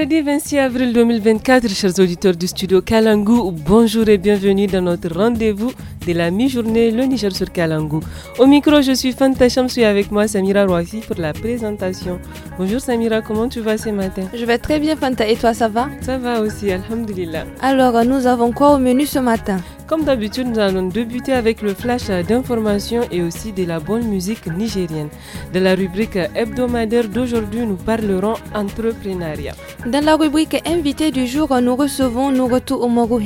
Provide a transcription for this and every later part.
Vendredi 26 avril 2024, chers auditeurs du studio Kalangu, bonjour et bienvenue dans notre rendez-vous de la mi-journée, le Niger sur Kalangu. Au micro, je suis Fanta suis avec moi Samira Roissy, pour la présentation. Bonjour Samira, comment tu vas ce matin Je vais très bien Fanta et toi ça va Ça va aussi, Alhamdulillah. Alors nous avons quoi au menu ce matin comme d'habitude, nous allons débuter avec le flash d'informations et aussi de la bonne musique nigérienne. De la rubrique hebdomadaire d'aujourd'hui, nous parlerons entrepreneuriat. Dans la rubrique invité du jour, nous recevons Nouratu Omoru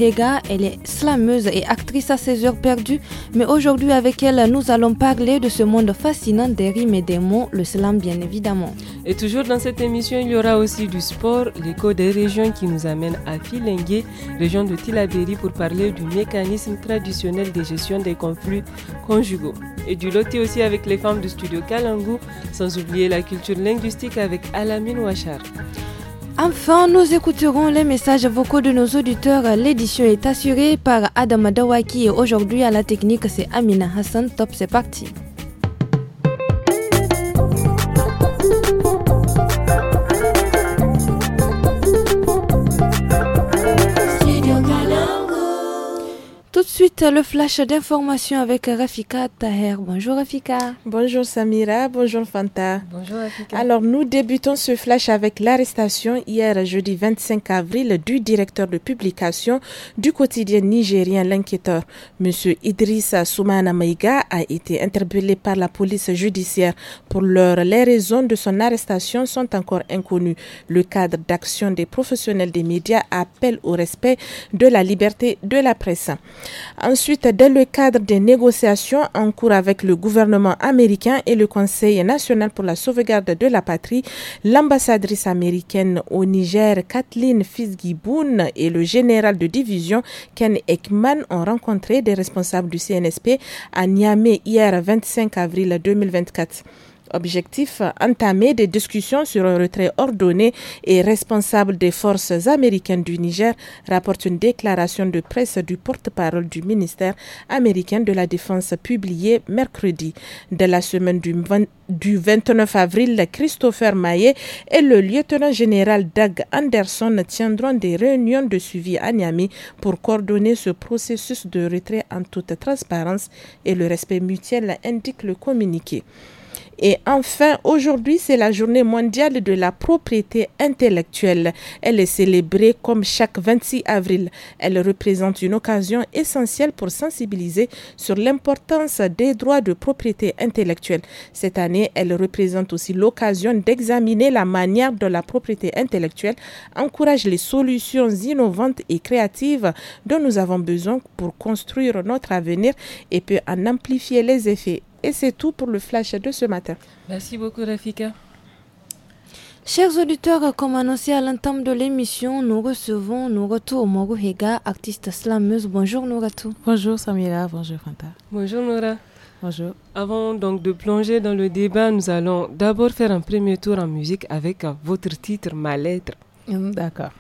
Elle est slameuse et actrice à ses heures perdues. Mais aujourd'hui, avec elle, nous allons parler de ce monde fascinant des rimes et des mots, le slam bien évidemment. Et toujours dans cette émission, il y aura aussi du sport, l'écho des régions qui nous amène à Filengue, région de Tilaberi, pour parler du mécanisme traditionnel de gestion des conflits conjugaux. Et du loter aussi avec les femmes du studio Kalangu, sans oublier la culture linguistique avec Alamine wachar Enfin, nous écouterons les messages vocaux de nos auditeurs. L'édition est assurée par Adam adawaki et aujourd'hui à la technique, c'est Amina Hassan. Top, c'est parti. de suite le flash d'information avec Rafika Taher. Bonjour Rafika. Bonjour Samira, bonjour Fanta. Bonjour Rafika. Alors nous débutons ce flash avec l'arrestation hier jeudi 25 avril du directeur de publication du quotidien nigérien L'Inquiéteur. Monsieur Idrissa Soumana Maïga a été interpellé par la police judiciaire. Pour l'heure, les raisons de son arrestation sont encore inconnues. Le cadre d'action des professionnels des médias appelle au respect de la liberté de la presse. Ensuite, dans le cadre des négociations en cours avec le gouvernement américain et le Conseil national pour la sauvegarde de la patrie, l'ambassadrice américaine au Niger, Kathleen Fisgiboun, et le général de division Ken Ekman ont rencontré des responsables du CNSP à Niamey hier 25 avril 2024. Objectif, entamer des discussions sur un retrait ordonné et responsable des forces américaines du Niger, rapporte une déclaration de presse du porte-parole du ministère américain de la Défense publiée mercredi. De la semaine du, 29 avril, Christopher Maillet et le lieutenant général Doug Anderson tiendront des réunions de suivi à Niamey pour coordonner ce processus de retrait en toute transparence et le respect mutuel, indique le communiqué. Et enfin, aujourd'hui, c'est la journée mondiale de la propriété intellectuelle. Elle est célébrée comme chaque 26 avril. Elle représente une occasion essentielle pour sensibiliser sur l'importance des droits de propriété intellectuelle. Cette année, elle représente aussi l'occasion d'examiner la manière dont la propriété intellectuelle encourage les solutions innovantes et créatives dont nous avons besoin pour construire notre avenir et peut en amplifier les effets et c'est tout pour le flash de ce matin. Merci beaucoup Rafika. Chers auditeurs, comme annoncé à l'entame de l'émission, nous recevons Nouratou Hega, artiste slameuse. Bonjour Nouratou. Bonjour Samira, bonjour Fanta. Bonjour Noura. Bonjour. Avant donc de plonger dans le débat, nous allons d'abord faire un premier tour en musique avec votre titre Ma lettre. Mm, d'accord.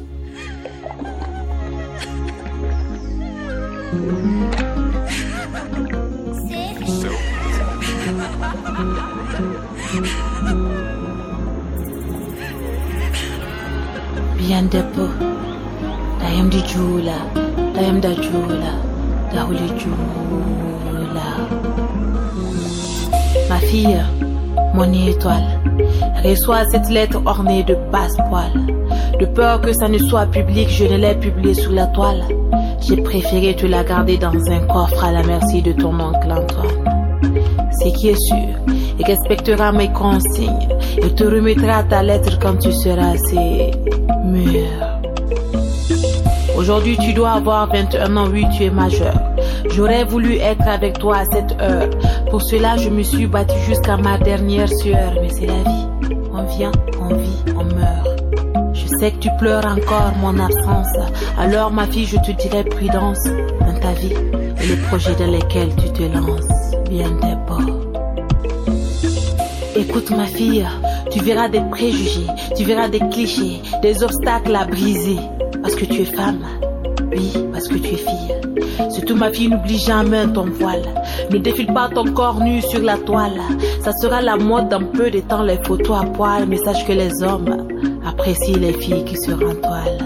Bien debbo di jula, da jula, Ma fille, mon étoile, reçois cette lettre ornée de basse poil De peur que ça ne soit public, je ne l'ai publiée sous la toile. J'ai préféré te la garder dans un coffre à la merci de ton oncle Antoine. C'est qui est sûr, et respectera mes consignes, et te remettra ta lettre quand tu seras assez mûr. Aujourd'hui, tu dois avoir 21 ans, oui, tu es majeur. J'aurais voulu être avec toi à cette heure. Pour cela, je me suis battue jusqu'à ma dernière sueur. Mais c'est la vie. On vient, on vit, on meurt. Je sais que tu pleures encore mon absence. Alors, ma fille, je te dirai prudence dans ta vie et les projets dans lesquels tu te lances bien d'abord. Écoute ma fille, tu verras des préjugés, tu verras des clichés, des obstacles à briser. Parce que tu es femme, oui, parce que tu es fille. Surtout ma fille, n'oublie jamais ton voile. Ne défile pas ton corps nu sur la toile. Ça sera la mode d'un peu de temps les photos à poil. Mais sache que les hommes apprécient les filles qui se rendent toile.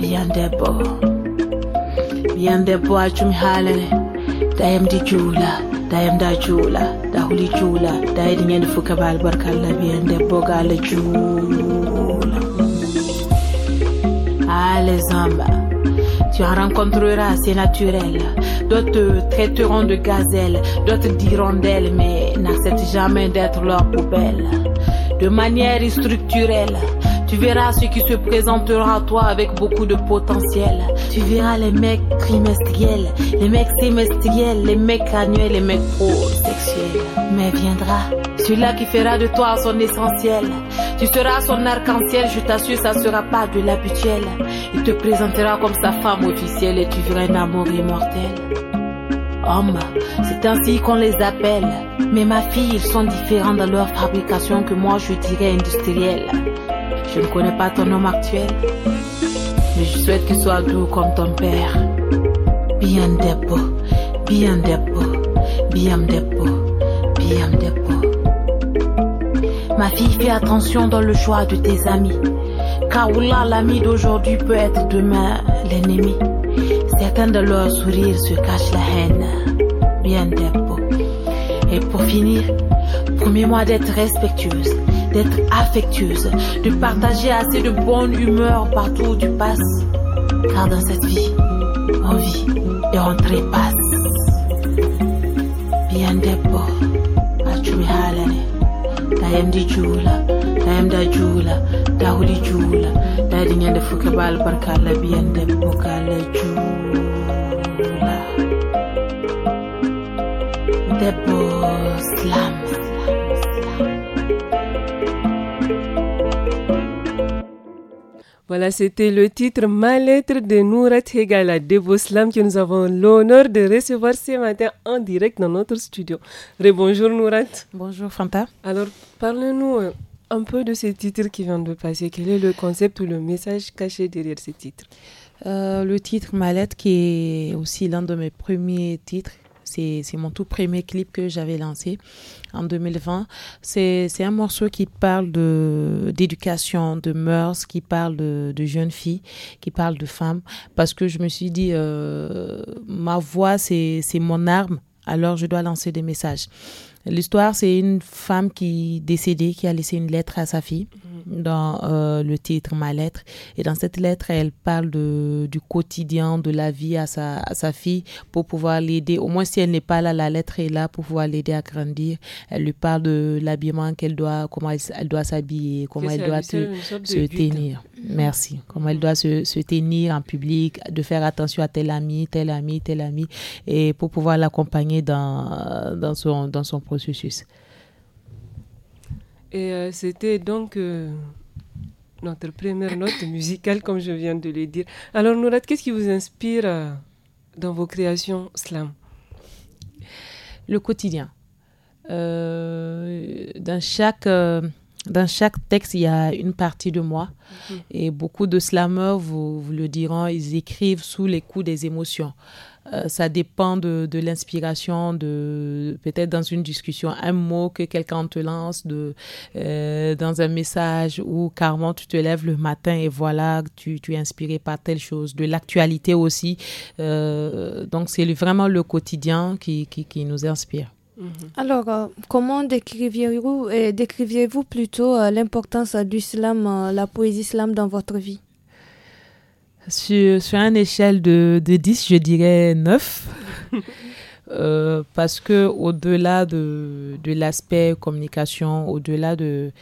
Bien d'abord. Bien d'abord, tu me halles. Ah da jula jula boga tu en rencontreras c'est naturel d'autres traiteront de gazelle d'autres diront d'elle mais n'acceptent jamais d'être leur poubelle de manière structurelle tu verras ce qui se présentera à toi avec beaucoup de potentiel. Tu verras les mecs trimestriels, les mecs semestriels, les mecs annuels, les mecs pro-sexuels. Mais viendra celui-là qui fera de toi son essentiel. Tu seras son arc-en-ciel, je t'assure, ça sera pas de l'habituel. Il te présentera comme sa femme officielle et tu verras un amour immortel. Hommes, c'est ainsi qu'on les appelle. Mais ma fille, ils sont différents dans leur fabrication que moi je dirais industrielle. Je ne connais pas ton homme actuel, mais je souhaite qu'il soit doux comme ton père. Bien dépôt, bien dépôt, bien dépôt, bien dépôt. Ma fille, fais attention dans le choix de tes amis. Car là, l'ami d'aujourd'hui peut être demain l'ennemi. Certains de leurs sourires se cachent la haine. Bien dépôt. Et pour finir, promets-moi d'être respectueuse d'être affectueuse, de partager assez de bonne humeur partout où tu passes. Car dans cette vie, on vit et on trépasse. Bien deppo, achumi halane, tayem di jula, tayem da jula, da di jula, da de fuke par kala bien deppo kala jula. Deppo slam. Voilà, c'était le titre Ma lettre de Nourat Hegala de Boslam que nous avons l'honneur de recevoir ce matin en direct dans notre studio. Rebonjour Nourat. Bonjour Fanta. Alors, parlez nous euh, un peu de ce titre qui vient de passer. Quel est le concept ou le message caché derrière ce titre euh, Le titre Ma lettre qui est aussi l'un de mes premiers titres c'est mon tout premier clip que j'avais lancé en 2020. C'est un morceau qui parle d'éducation, de, mœurs, qui parle de, jeunes filles, qui parle de femmes, parce que je me suis dit, euh, ma voix, c'est mon arme, alors je dois lancer des messages. L'histoire, c'est une femme qui décédée qui a laissé une lettre à sa fille mhm. dans euh, le titre Ma lettre. Et dans cette lettre, elle parle de, du quotidien, de la vie à sa, fille pour pouvoir l'aider. Au moins, si elle n'est pas là, la lettre est là pour pouvoir l'aider à grandir. Elle lui parle de l'habillement qu'elle doit, comment elle, doit s'habiller, comment elle doit se tenir. Mhm. Merci. Comment elle mhm. doit se, se tenir en public, de faire attention à tel ami, tel ami, tel ami, et pour pouvoir l'accompagner dans, dans son, dans son projet et euh, c'était donc euh, notre première note musicale, comme je viens de le dire. Alors, Nourad, qu'est-ce qui vous inspire euh, dans vos créations slam Le quotidien. dans, chaque, dans chaque texte, il y a une partie de moi. Mhm. Et beaucoup de slameurs vous, vous, le diront, ils écrivent sous les coups des émotions. Euh, ça dépend de, l'inspiration, de peut-être dans une discussion, un mot que quelqu'un te lance, de, euh, dans un message ou carrément tu te lèves le matin et voilà, tu, es inspiré par telle chose, de l'actualité aussi. Euh, donc c'est vraiment le quotidien qui, nous inspire. Mm-hmm. Alors, comment décriviez-vous, vous plutôt l'importance de l'islam, la poésie islam dans votre vie sur, sur une échelle de, de 10, je dirais 9. Euh, parce que au-delà de, l'aspect communication, au-delà de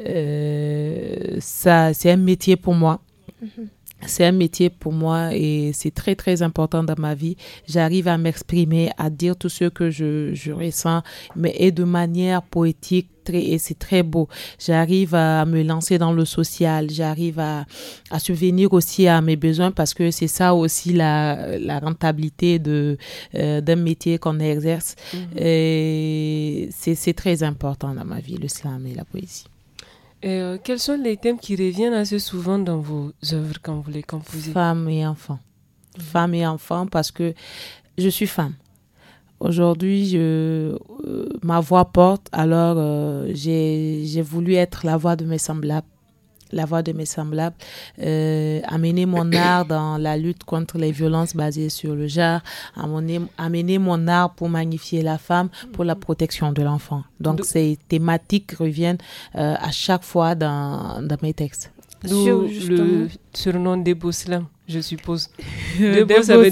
euh, ça, c'est un métier pour moi. Mm-hmm. C'est un métier pour moi et c'est très très important dans ma vie. J'arrive à m'exprimer, à dire tout ce que je, je ressens, mais de manière poétique, et c'est très beau. J'arrive à me lancer dans le social, j'arrive à, à subvenir aussi à mes besoins parce que c'est ça aussi la, la rentabilité de, euh, d'un métier qu'on exerce. Mhm. Et c'est, c'est très important dans ma vie, le slam et la poésie. Euh, quels sont les thèmes qui reviennent assez souvent dans vos œuvres quand vous les composez Femmes et enfants. Mhm. femme Femmes et enfants parce que je suis femme. Aujourd'hui, euh, ma voix porte, alors euh, j'ai voulu être la voix de mes semblables, la voix de mes semblables, euh, amener mon art dans la lutte contre les violences basées sur le genre, amener, amener mon art pour magnifier la femme, pour la protection de l'enfant. Donc, ces thématiques reviennent à chaque fois dans, mes textes. Sur le surnom des Bousselins je suppose. Debo, ça veut hein.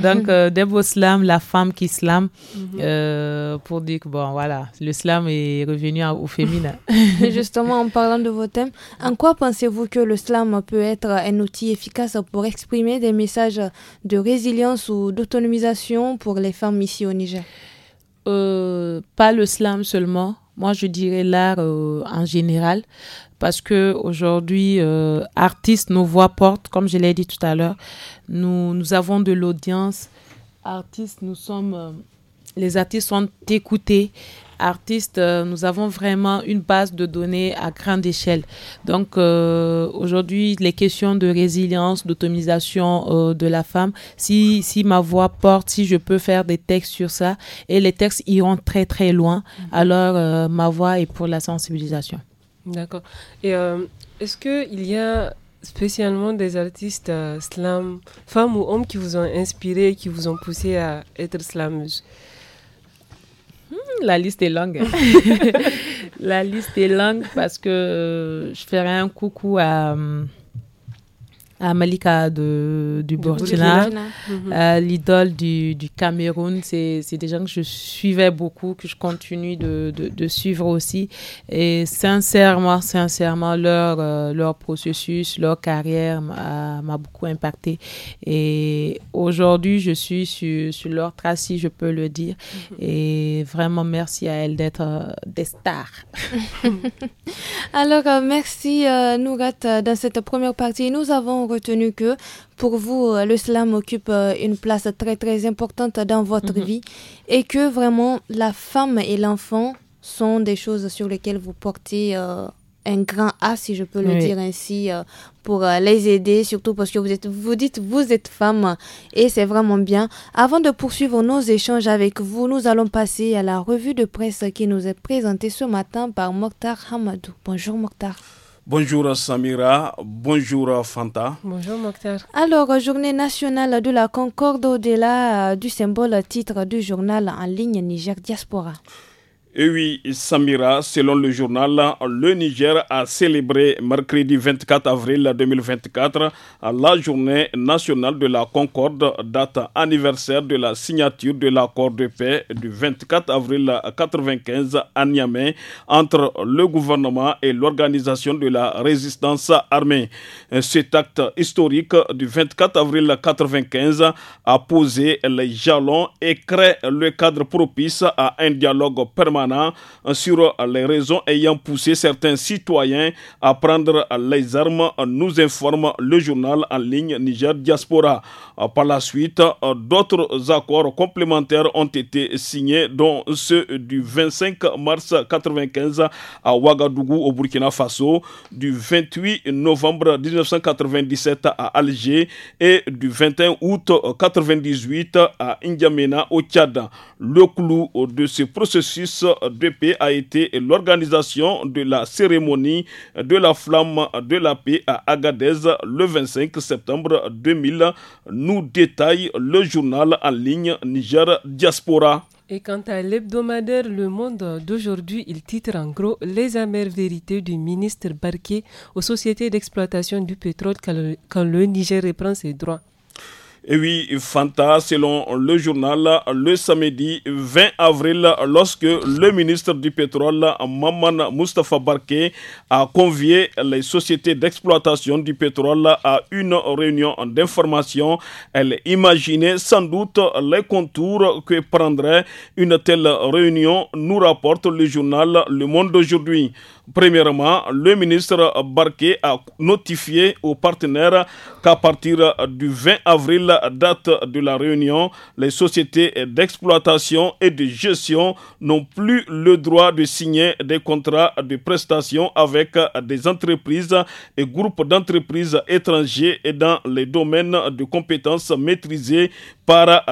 Donc, euh, la femme qui slam, mm-hmm. euh, pour dire que, bon, voilà, le slam est revenu au féminin. Justement, en parlant de vos thèmes, en quoi pensez-vous que le slam peut être un outil efficace pour exprimer des messages de résilience ou d'autonomisation pour les femmes ici au Niger euh, Pas le slam seulement, moi, je dirais l'art euh, en général, parce que aujourd'hui, euh, artistes, nos voix portent, comme je l'ai dit tout à l'heure. Nous, nous avons de l'audience. Artistes, nous sommes euh, les artistes sont écoutés. Artistes, euh, nous avons vraiment une base de données à grande échelle. Donc euh, aujourd'hui, les questions de résilience, d'automisation euh, de la femme, si, si ma voix porte, si je peux faire des textes sur ça, et les textes iront très très loin, mhm. alors ma voix est pour la sensibilisation. D'accord. Et est-ce qu'il y a spécialement des artistes slam, femmes ou hommes, qui vous ont inspiré, qui vous ont poussé à être slammeuse? Hmm, la liste est longue. la liste est longue parce que je ferai un coucou à. Hum, Amalika de, du Burkina, euh, mhm. l'idole du, du, Cameroun. C'est des gens que je suivais beaucoup, que je continue de, de, suivre aussi. Et sincèrement, sincèrement, leur, euh, leur processus, leur carrière m'a beaucoup impacté. Et aujourd'hui, je suis sur, leur trace, si je peux le dire. Mhm. Et vraiment, merci à elles d'être euh, des stars. Alors, merci Nougat. Dans cette première partie, nous avons retenu que pour vous, euh, le slam occupe euh, une place très très importante dans votre mhm. vie et que vraiment la femme et l'enfant sont des choses sur lesquelles vous portez euh, un grand A, si je peux le dire ainsi, pour les aider, surtout parce que vous, êtes, vous dites vous êtes femme et c'est vraiment bien. Avant de poursuivre nos échanges avec vous, nous allons passer à la revue de presse qui nous est présentée ce matin par Mokhtar Hamadou. Bonjour Mokhtar. Bonjour Samira, bonjour Fanta. Bonjour Mokhtar. Alors, journée nationale de la concorde au-delà euh, du symbole titre du journal en ligne Niger Diaspora. Et oui, Samira, selon le journal, le Niger a célébré mercredi 24 avril 2024 la journée nationale de la Concorde, date anniversaire de la signature de l'accord de paix du 24 avril 1995 à Niamey entre le gouvernement et l'organisation de la résistance armée. Cet acte historique du 24 avril 1995 a posé les jalons et crée le cadre propice à un dialogue permanent sur euh, les raisons ayant poussé certains citoyens à prendre euh, les armes, euh, nous informe le journal en ligne Niger Diaspora. Par la suite, d'autres accords complémentaires ont été signés, dont ceux du 25 mars 1995 à Ouagadougou au Burkina Faso, du 28 novembre 1997 à Alger et du 21 août 1998 à N'Djamena au Tchad. Le clou de ce processus de paix a été l'organisation de la cérémonie de la flamme de la paix à Agadez le 25 septembre 2000, nous détaille le journal en ligne Niger Diaspora. Et quant à l'hebdomadaire Le Monde d'aujourd'hui, il titre en gros Les amères vérités du ministre Barquet aux sociétés d'exploitation du pétrole quand le Niger reprend ses droits. Et oui, Fanta, selon le journal, le samedi 20 avril, lorsque le ministre du Pétrole, Maman Mustafa Barke, a convié les sociétés d'exploitation du pétrole à une réunion d'information, elle imaginait sans doute les contours que prendrait une telle réunion, nous rapporte le journal Le Monde d'aujourd'hui. Premièrement, le ministre Barquet a notifié aux partenaires qu'à partir du 20 avril, date de la réunion, les sociétés d'exploitation et de gestion n'ont plus le droit de signer des contrats de prestation avec des entreprises et groupes d'entreprises étrangers et dans les domaines de compétences maîtrisés par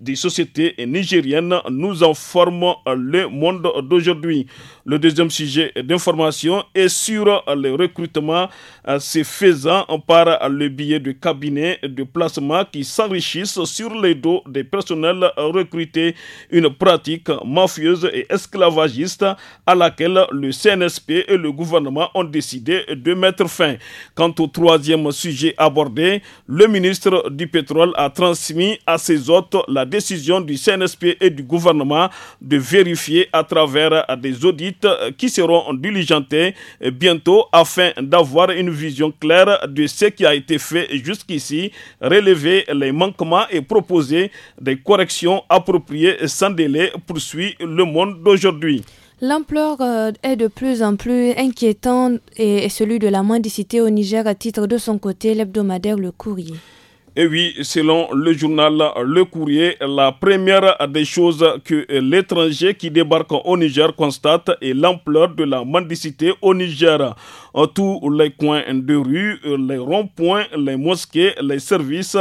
des sociétés nigériennes, nous informons le monde d'aujourd'hui. Le deuxième sujet d'information formation et sur euh, le recrutement euh, se faisant par euh, le biais de cabinets de placement qui s'enrichissent sur les dos des personnels recrutés, une pratique mafieuse et esclavagiste à laquelle le CNSP et le gouvernement ont décidé de mettre fin. Quant au troisième sujet abordé, le ministre du Pétrole a transmis à ses hôtes la décision du CNSP et du gouvernement de vérifier à travers des audits qui seront du bientôt afin d'avoir une vision claire de ce qui a été fait jusqu'ici, relever les manquements et proposer des corrections appropriées sans délai, poursuit le monde d'aujourd'hui. L'ampleur euh, est de plus en plus inquiétante et celui de la mendicité au Niger à titre de son côté l'hebdomadaire Le Courrier. Et oui, selon le journal Le Courrier, la première des choses que l'étranger qui débarque au Niger constate est l'ampleur de la mendicité au Niger. En tous les coins de rue, les ronds-points, les mosquées, les services,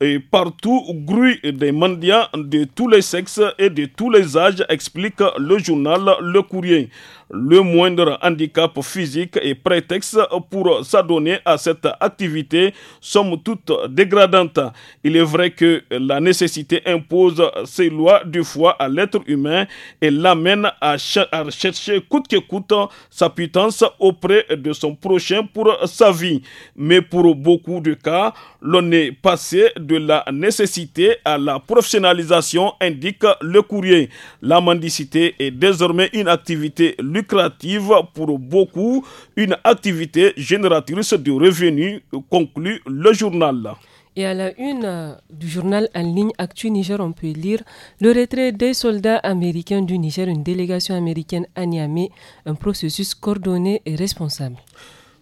et partout grouillent des mendiants de tous les sexes et de tous les âges, explique le journal Le Courrier le moindre handicap physique est prétexte pour s'adonner à cette activité, somme toute dégradante. Il est vrai que la nécessité impose ces lois du foie à l'être humain et l'amène à, chercher coûte que coûte sa puissance auprès de son prochain pour sa vie. Mais pour beaucoup de cas, l'on est passé de la nécessité à la professionnalisation, indique le courrier. La mendicité est désormais une activité lucrative pour beaucoup, une activité génératrice de revenus, conclut le journal. Et à la une du journal en ligne Actu Niger, on peut lire le retrait des soldats américains du Niger, une délégation américaine à Niamey, un processus coordonné et responsable.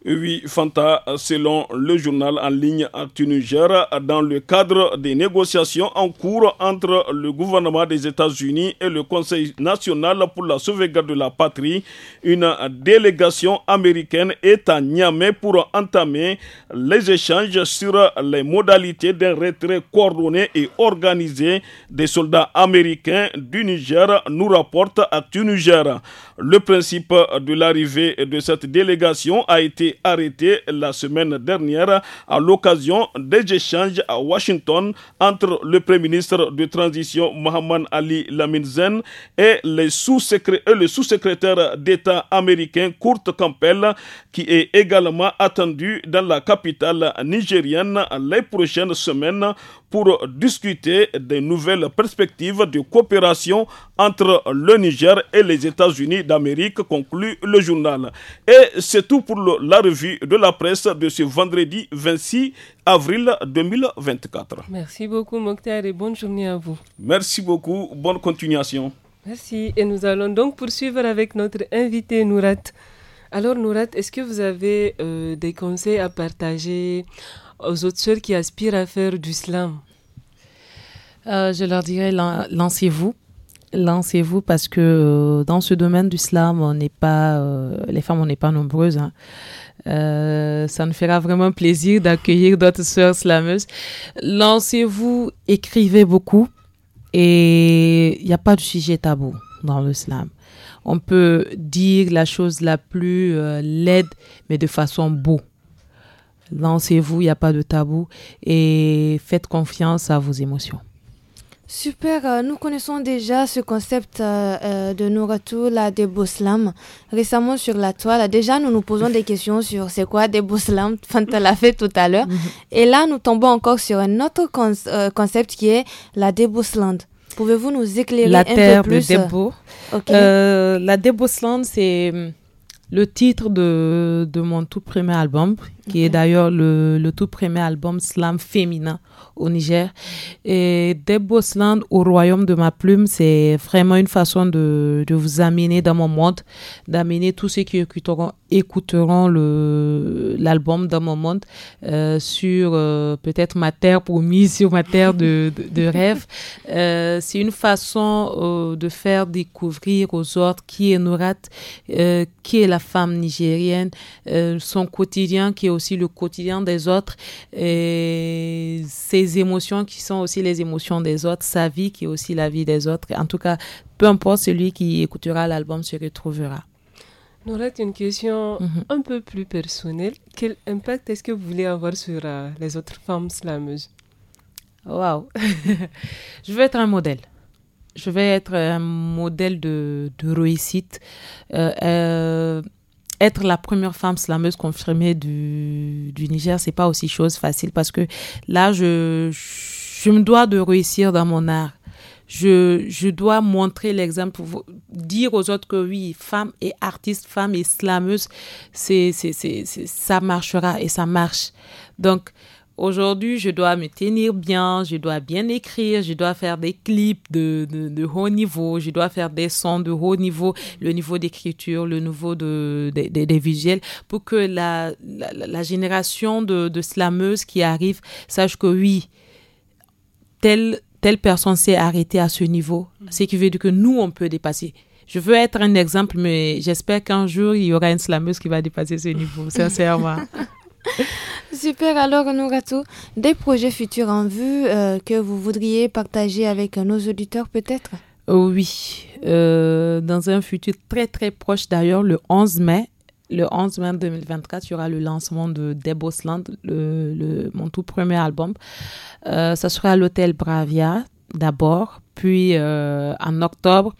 Oui, Fanta, selon le journal en ligne à Niger, dans le cadre des négociations en cours entre le gouvernement des États-Unis et le Conseil national pour la sauvegarde de la patrie, une délégation américaine est à Niamey pour entamer les échanges sur les modalités d'un retrait coordonné et organisé des soldats américains du Niger, nous rapporte à Niger. Le principe de l'arrivée de cette délégation a été arrêté la semaine dernière à l'occasion des échanges à Washington entre le Premier ministre de transition Mohamed Ali Laminzen et, et euh, le sous-secrétaire d'État américain Kurt Campbell qui est également attendu dans la capitale nigérienne les prochaines semaines pour discuter des nouvelles perspectives de coopération entre le Niger et les États-Unis d'Amérique, conclut le journal. Et c'est tout pour la revue de la presse de ce vendredi 26 avril 2024. Merci beaucoup Mokhtar et bonne journée à vous. Merci beaucoup, bonne continuation. Merci et nous allons donc poursuivre avec notre invité Nourat. Alors Nourat, est-ce que vous avez euh, des conseils à partager aux autres sœurs qui aspirent à faire du slam euh, Je leur dirais, lancez-vous. Lancez-vous parce que euh, dans ce domaine du slam, on n'est pas, euh, les femmes, on n'est pas nombreuses. Hein. ça nous fera vraiment plaisir d'accueillir d'autres sœurs slameuses. Lancez-vous, écrivez beaucoup et il n'y a pas de sujet tabou dans le slam. On peut dire la chose la plus laide, mais de façon beau Lancez-vous, il n'y a pas de tabou et faites confiance à vos émotions. Super, euh, nous connaissons déjà ce concept euh, euh, de retours la Boslam récemment sur la toile. Déjà, nous nous posons des questions sur c'est quoi des Boslam, tu fait tout à l'heure. Mhm. Et là, nous tombons encore sur un autre concept qui est la Débosland. Pouvez-vous nous éclairer la un peu plus La la c'est hum, le titre de, mon tout premier album, qui est d'ailleurs le, tout premier album slam féminin au Niger. Et Bossland au royaume de ma plume, c'est vraiment une façon de, de vous amener dans mon monde, d'amener tous ceux qui est écouteront l'album d'un moment euh, sur euh, peut-être ma terre promise, sur ma terre de, rêve. Euh, c'est une façon euh, de faire découvrir aux autres qui est Nourat, qui est la femme nigérienne, son quotidien qui est aussi le quotidien des autres, et ses émotions qui sont aussi les émotions des autres, sa vie qui est aussi la vie des autres. En tout cas, peu importe celui qui écoutera l'album se retrouvera. Nora, une question mhm. un peu plus personnelle. Quel impact est-ce que vous voulez avoir sur euh, les autres femmes slameuses Waouh Je veux être un modèle. Je vais être un modèle de, réussite. Euh, euh, être la première femme slameuse confirmée du, du Niger, c'est pas aussi chose facile parce que là, je me dois de réussir dans mon art je, dois montrer l'exemple, pour dire aux autres que oui, femme et artiste, femme et slameuse, c'est, c'est, c'est, ça marchera et ça marche. Donc, aujourd'hui, je dois me tenir bien, je dois bien écrire, je dois faire des clips de, de, haut niveau, je dois faire des sons de haut niveau, le niveau d'écriture, le niveau de, des visuels, pour que la, la, la génération de, slameuses qui arrive sache que oui, telle telle personne s'est arrêtée à ce niveau. Mm. Ce qui veut dire que nous, on peut dépasser. Je veux être un exemple, mais j'espère qu'un jour, il y aura une slameuse qui va dépasser ce niveau, sincèrement. Super, alors Nouratou, des projets futurs en vue euh, que vous voudriez partager avec nos auditeurs peut-être oh Oui, euh, dans un futur très très proche d'ailleurs, le 11 mai, le 11 mai 2024, il y aura le lancement de Debosland, le, mon tout premier album. Euh, ça sera à l'hôtel Bravia d'abord puis euh, en octobre,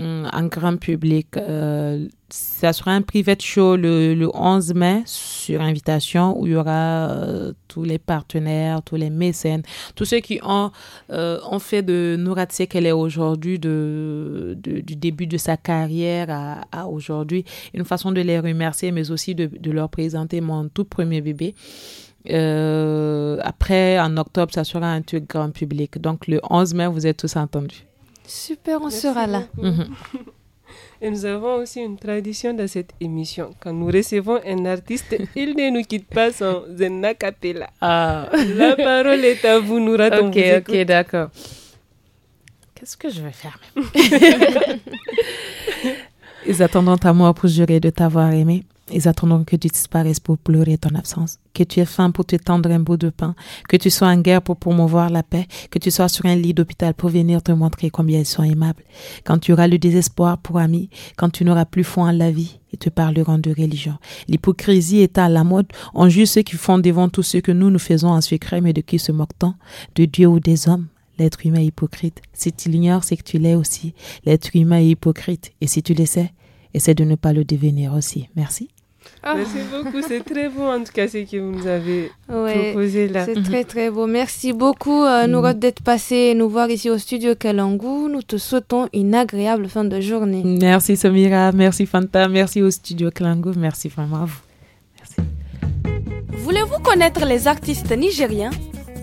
euh, en grand public, euh, ça sera un private show le, le, 11 mai sur invitation où il y aura tous les partenaires, tous les mécènes, tous ceux qui ont, ont fait de ce qu'elle est aujourd'hui, de, du début de sa carrière à, à aujourd'hui, une façon de les remercier, mais aussi de, de leur présenter mon tout premier bébé. Euh, après, en octobre, ça sera un truc grand public. Donc, le 11 mai, vous êtes tous entendus. Super, on sera là. Mhm. Et nous avons aussi une tradition dans cette émission. Quand nous recevons un artiste, il ne nous quitte pas sans un acapella. Ah. La parole est à vous, nous ratons. Ok, ok, d'accord. Qu'est-ce que je vais faire Ils attendront à moi pour jurer de t'avoir aimé. Ils attendront que tu disparaisses pour pleurer ton absence, que tu aies faim pour te tendre un bout de pain, que tu sois en guerre pour promouvoir la paix, que tu sois sur un lit d'hôpital pour venir te montrer combien ils sont aimables, quand tu auras le désespoir pour ami, quand tu n'auras plus foi en la vie et te parleront de religion. L'hypocrisie est à la mode, on juge ceux qui font devant tous ce que nous nous faisons en secret, mais de qui se moque-t-on, de Dieu ou des hommes L'être humain est hypocrite. Si tu l'ignores, c'est que tu l'es aussi. L'être humain est hypocrite. Et si tu le sais, essaie de ne pas le devenir aussi. Merci. Ah. Merci beaucoup, c'est très beau en tout cas ce que vous nous avez proposé là. C'est très très beau. Merci beaucoup nous euh, mm. Nourot d'être passé nous voir ici au studio Kalangu. Nous te souhaitons une agréable fin de journée. Merci Samira, merci Fanta, merci au studio Kalangu, merci vraiment à vous. Merci. Voulez-vous connaître les artistes nigériens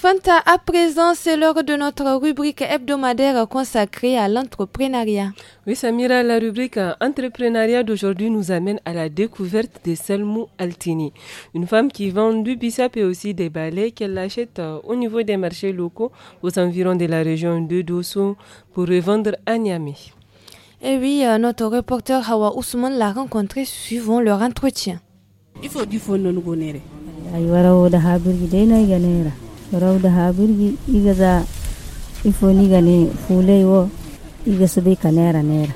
Fanta, à présent, c'est l'heure de notre rubrique hebdomadaire consacrée à l'entrepreneuriat. Oui, Samira, la rubrique entrepreneuriat d'aujourd'hui nous amène à la découverte de Selmou Altini, une femme qui vend du bissap et aussi des balais qu'elle achète euh, au niveau des marchés locaux aux environs de la région de Dosso pour revendre à Niamey. Et eh oui, euh, notre reporter Hawa Ousmane l'a rencontrée suivant leur entretien. Il faut rawda ha birgi igaza ne fuley wo iga subi ka nera nera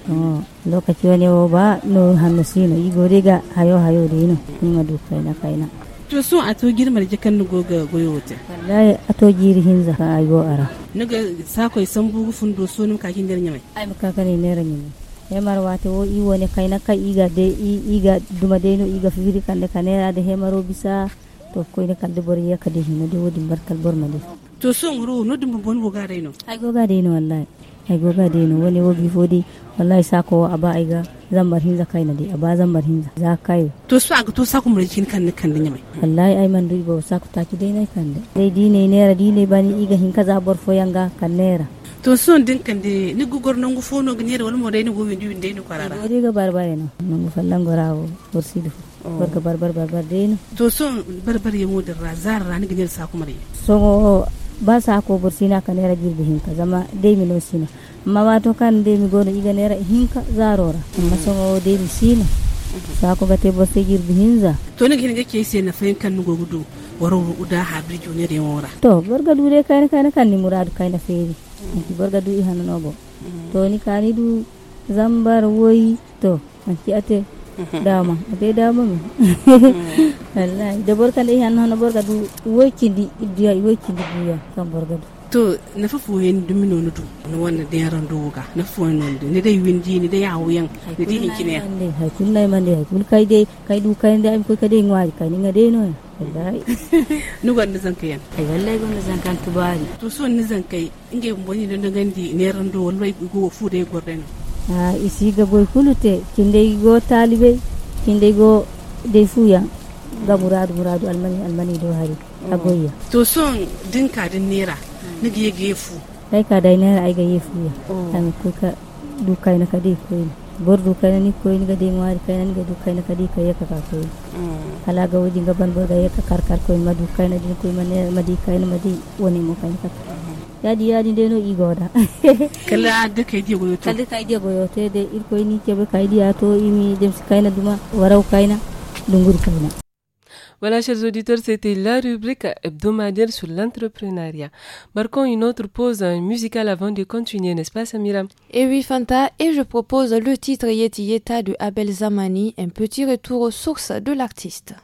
lokaci wani wo ba no hannu sino riga hayo hayo dino nima dukaina kaina to so a to girmar jikan nugo ga wote. wallahi a to jiri hinza ka ayo ara nuga sako isan bugu fundo so num kakin der nyamai ai maka kane nera nyamai hemar wate wo i woni kaina kai iga de iga duma de no iga fifiri kande kanera de hemaro bisa to koy ne kalde bor ya kadi hino de wodi barkal bor ma de to son ru no dum bon go gade no ay go gade no wallahi ay go gade no woni bi fodi wallahi sako aba ay ga zambar hinza zakai na de aba zambar hinza zakai to su aga to sako mure kin kan kan dinya mai wallahi ay man dubo sako ki de nai kan dai dine nera dine bani iga hin kaza bor fo yanga kan nera to son din kan de ni gugor nangu fono gnere wal mo de ni go wi ndi ndi ko rara o diga barbare no fa fallan gorawo borsi du barka barbar barbar dina to so barbar ya mudin razar rani ra ni ganyar sa kuma so ba sa ko bursina ka nera girbi hinka zama dai mi no sina amma ba to kan dai mi gono iga nera hinka zarora amma so dai mi sina sa ko ga te bursi girbi hinza to ne gina yake sai na fayin kan nugo gudu waro guda ha birjo ne re wora to barga dure kai kai kan ni muradu kai na feri barga du i hanano mm. to ni kani du zambar woi to anki ate Mhm. dama abe dama mi mhm. wallahi da borka da ihan hono borka du woki di idiya woki di biya kan borka du to na fa fu hen dum no Na no wonna de ran do ga na fu no de ne dai windi ne dai yawo yan ne dai hinki ne ha kun nay man de kun kai dai kai du kai dai am ko kai dai ngwa kai ni ngade no wallahi ni gwanda zan yan ai wallahi gwanda zan kan tubari to so ni zan kai inge mboni don gandi ne ran do wallahi go fu de gorre ha isiga boy kulute kindey go talibe kindey go dai fuya ga muradu muradu almani almani do hari agoya to son ka din nera ni ge gefu? kai ka dai nera ai ga yefu ya an ku ka du kai na kadi ko ni bor du kai ni ko ni ga dai mari kai ni ga du kai na kadi kai ka ka ko ala ga wudi ga ban bor ga ya ka kar kar ko ma du kai na din ko ma ne ma di kai na ma di woni mo kai ka Voilà, chers auditeurs, c'était la rubrique hebdomadaire sur l'entrepreneuriat. Marquons une autre pause musicale avant de continuer, n'est-ce pas, Samira Et oui, Fanta, et je propose le titre Yeti Yeta de Abel Zamani, un petit retour aux sources de l'artiste.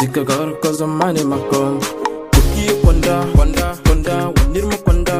zikagaruka zamani magambo kuki kwanda kwanda kwanda wanirimo kwanda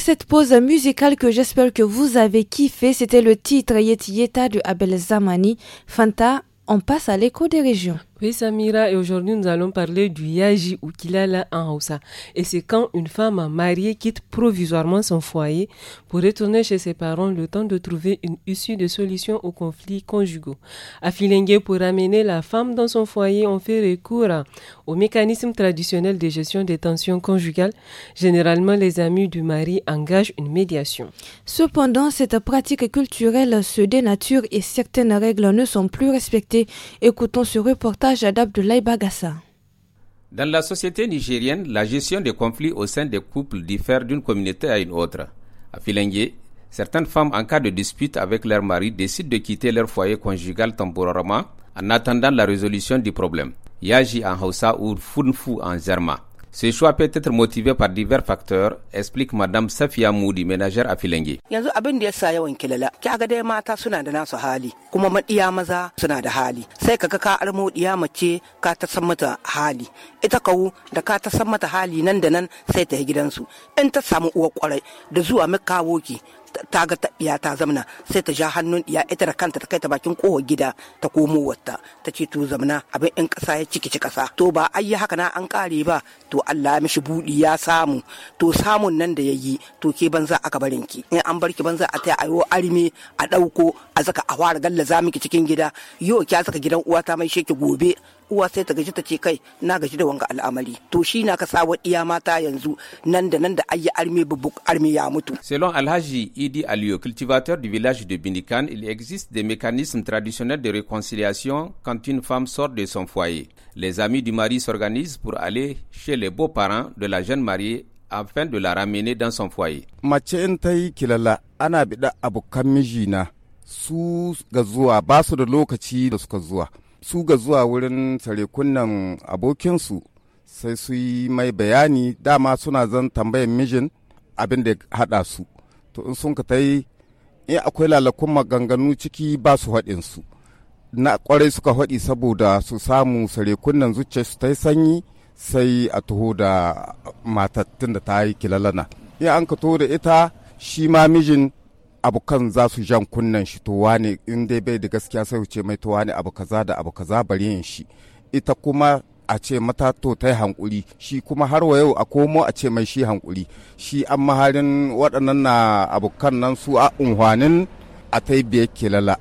cette pause musicale que j'espère que vous avez kiffé, c'était le titre Yeti Yeta de Abel Zamani. Fanta, on passe à l'écho des régions. Oui, Samira, et aujourd'hui nous allons parler du Yaji ou Kilala en Hausa. Et c'est quand une femme mariée quitte provisoirement son foyer pour retourner chez ses parents le temps de trouver une issue de solution aux conflits conjugaux. À Filingue pour ramener la femme dans son foyer, on fait recours au mécanisme traditionnel de gestion des tensions conjugales. Généralement, les amis du mari engagent une médiation. Cependant, cette pratique culturelle se dénature et certaines règles ne sont plus respectées. Écoutons ce reportage reportage Lai Dans la société nigérienne, la gestion des conflits au sein des couples diffère d'une communauté à une autre. À Filengue, certaines femmes, en cas de dispute avec leur mari, décident de quitter leur foyer conjugal temporairement en attendant la résolution du problème. Yaji en Hausa ou Funfu en Zerma. Ce choix peut être motivé par divers facteurs, explique Madame Safia mudi manager afilengi. Filengue. Yanzu abin da yasa yawan kilala, dai mata suna da nasu hali, kuma maɗiya maza suna da hali. Sai kaga ka almo diya mace ka ta san mata hali. Ita kawu da ka ta san mata hali nan da nan sai ta gidansu. In ta samu uwa kwarai da zuwa mai kawo ta ga ya ta zamna sai ta ja hannun ya ita da kanta ta kai ta bakin kowar gida ta komo wata ta ce to zamna abin in kasa ya cikici kasa to ba ai haka na an kare ba to Allah ya mishi budi ya samu to samun nan da yayi to ke banza aka barin ki in an barki banza a taya ayo arme a dauko a zaka a fara galla za miki cikin gida yo ki zaka gidan uwa ta mai sheki gobe Selon haji selon alhaji idi Alio, cultivateur du village de Binikan, il existe des mécanismes traditionnels de réconciliation quand une femme sort de son foyer les amis du mari s'organisent pour aller chez les beaux-parents de la jeune mariée afin de la ramener dans son foyer su ga zuwa wurin sarekunan abokinsu sai su yi mai bayani dama suna zan tambayan mijin abin da haɗa su to in sun ka ta yi in akwai lalakun maganganu ciki ba su haɗinsu na kwarai suka haɗi saboda su samu sarekunan zuciya su ta yi sanyi sai a taho da matattun da ta yi kilalana in an ka taho da ita shi ma mijin abokan za su jan kunnen shi to wane in dai bai da gaskiya sai ce mai to wane abu kaza da abu kaza bari yin shi ita kuma a ce mata to ta yi hankuri shi kuma har wa yau a komo a ce mai shi hankuri shi an maharin waɗannan na abokan nan su a unhwanin a ta yi biye kelala